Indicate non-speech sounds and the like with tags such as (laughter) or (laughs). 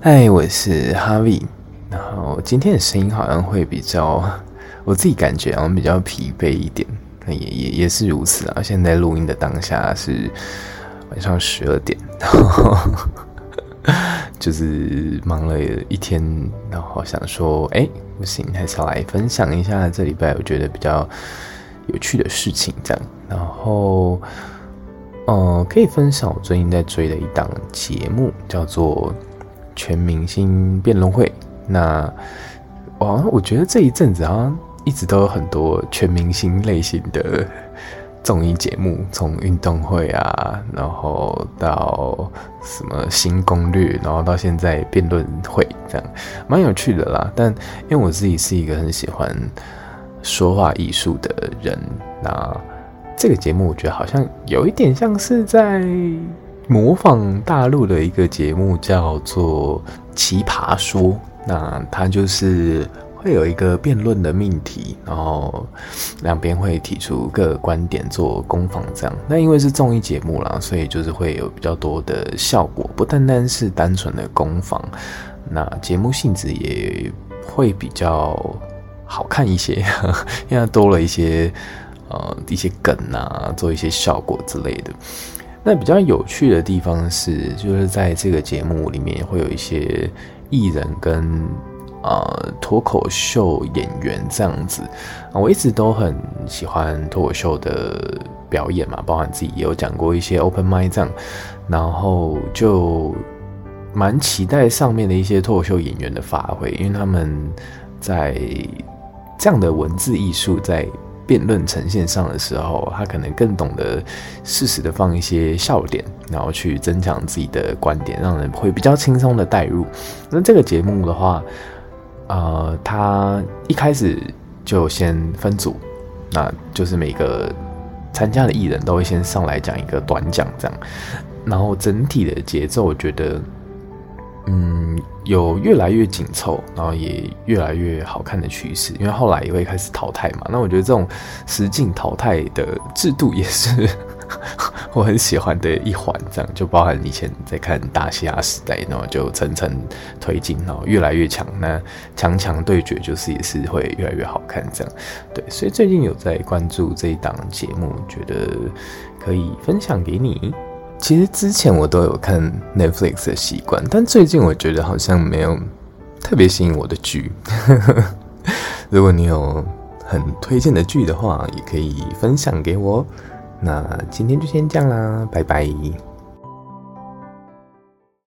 嗨，Hi, 我是 Harvie。然後今天的聲音好像會比較，我自己感覺好像比較疲憊一點，也也也是如此啊。現在錄音的當下是晚上十二點，然後就是忙了一天，然後想說，哎、欸，不行，還是要來分享一下這禮拜我覺得比較有趣的事情這樣。然後，呃，可以分享我最近在追的一檔節目，叫做，全明星辯論會，那，啊，我覺得這一陣子好像一直都有很多全明星類型的綜藝節目，從運動會啊，然後到什麼新攻略，然後到現在辯論會，這樣蠻有趣的啦。但因為我自己是一個很喜歡說話藝術的人，那這個節目我覺得好像有一點像是在。模仿大陸的一個節目叫做《奇葩說》，那它就是會有一個辯論的命題，然後兩邊會提出各觀點做攻防，這樣。那因為是綜藝節目啦，所以就是會有比較多的效果，不單單是單純的攻防。那節目性質也會比較好看一些，呵呵，因為多了一些呃一些梗啊，做一些效果之類的。那比較有趣的地方是，就是在這個節目裡面會有一些藝人跟呃脫口秀演員這樣子。啊、我一直都很喜歡脫口秀的表演嘛，包含自己也有講過一些 open mic 這樣，然後就蠻期待上面的一些脫口秀演員的發揮，因為他們在這樣的文字藝術在。辯論呈現上的時候，他可能更懂得適時的放一些笑點，然後去增強自己的觀點，讓人會比較輕鬆的帶入。那這個節目的話，呃，他一開始就先分組，那就是每個參加的藝人都會先上來講一個短講，這樣，然後整體的節奏，我覺得。嗯，有越來越緊湊，然後也越來越好看的趨勢。因為後來也會開始淘汰嘛，那我覺得這種實境淘汰的制度也是 (laughs) 我很喜歡的一環。這樣就包含以前在看《大西亞時代》，然後就層層推進，然後越來越強。那強強對決就是也是會越來越好看。這樣，對，所以最近有在關注這一檔節目，覺得可以分享給你。其實之前我都有看 Netflix 的習慣，但最近我覺得好像沒有特別吸引我的劇。 (laughs) 如果你有很推薦的劇的話，也可以分享給我。那今天就先這樣啦，拜拜。